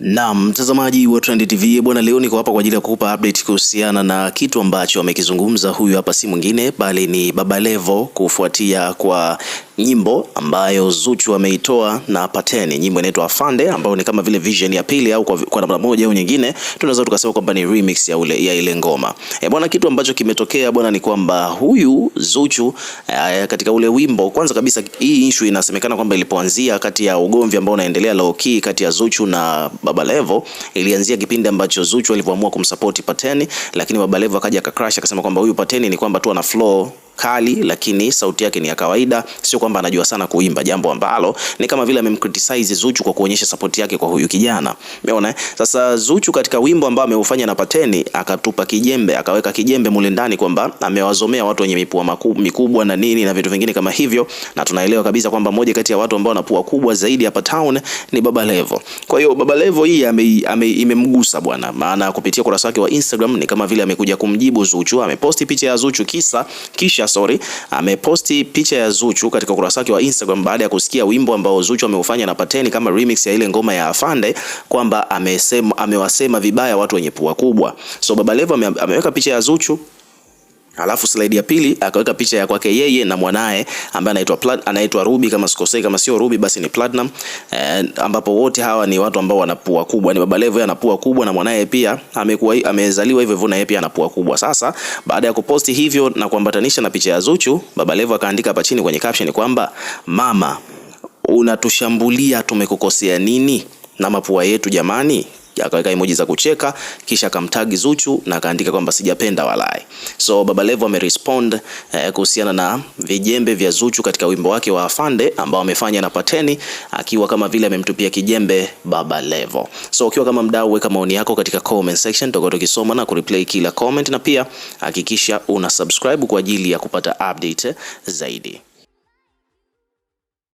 Na mtazamaji wa Trend TV bwana, leo niko hapa kwa ajili ya kukupa update kuhusiana na kitu ambacho amekizungumza huyu hapa, si mwingine bali ni Baba Levo kufuatia kwa nyimbo ambayo Zuchu ameitoa na Pateni, nyimbo inaitwa Afande ambayo ni kama vile vision ya pili au kwa, kwa namna moja au nyingine tunaweza tukasema kwamba ni remix ya, ule, ya ile ngoma e, bwana. Kitu ambacho kimetokea bwana ni kwamba huyu Zuchu e, katika ule wimbo, kwanza kabisa hii issue inasemekana kwamba ilipoanzia kati ya ugomvi ambao unaendelea low key kati ya Zuchu na Baba Levo, ilianzia kipindi ambacho Zuchu alivyoamua kumsupport Pateni, lakini Baba Levo akaja akacrash akasema kwamba huyu Pateni ni kwamba tu ana flow kali, lakini sauti yake ni ya kawaida, sio kwamba anajua sana kuimba, jambo ambalo ni kama vile amemcriticize Zuchu kwa kuonyesha support yake kwa huyu kijana. Umeona? Eh? Sasa Zuchu katika wimbo ambao ameufanya na Pateni akatupa kijembe, akaweka kijembe mule ndani kwamba amewazomea watu wenye mipua mikubwa na nini na vitu vingine kama hivyo, na tunaelewa kabisa kwamba moja kati ya watu ambao wana pua kubwa zaidi hapa town ni Baba Levo. Kwa hiyo Baba Levo hii imemgusa bwana, maana kupitia kurasa wake wa Instagram ni kama vile amekuja kumjibu Zuchu, ameposti picha ya Zuchu kisa kisha picha sorry, ameposti picha ya Zuchu katika ukurasa wake wa Instagram baada ya kusikia wimbo ambao Zuchu ameufanya na Pateni kama remix ya ile ngoma ya Afande, kwamba amesema amewasema vibaya watu wenye pua kubwa. So Baba Levo ameweka picha ya Zuchu Alafu slide ya pili akaweka picha ya kwake yeye na mwanae ambaye anaitwa Plat anaitwa Ruby kama sikosei, kama sio Ruby basi ni Platinum eh, ambapo wote hawa ni watu ambao wana pua kubwa. Ni Babalevo ana pua kubwa na mwanae pia amekuwa amezaliwa hivyo hivyo na yeye pia ana pua kubwa. Sasa baada ya kuposti hivyo na kuambatanisha na picha ya Zuchu, Levo akaandika hapa chini kwenye caption kwamba mama, unatushambulia tumekukosea nini na mapua yetu jamani? akaweka emoji za kucheka kisha akamtagi Zuchu na akaandika kwamba sijapenda walai. So Baba Levo amerespond eh, kuhusiana na vijembe vya Zuchu katika wimbo wake wa Afande ambao amefanya na Pateni, akiwa kama vile amemtupia kijembe Baba Levo. So ukiwa kama mdau, weka maoni yako katika comment section, tutakuwa tukisoma na kureplay kila comment, na pia hakikisha una subscribe kwa ajili ya kupata update zaidi.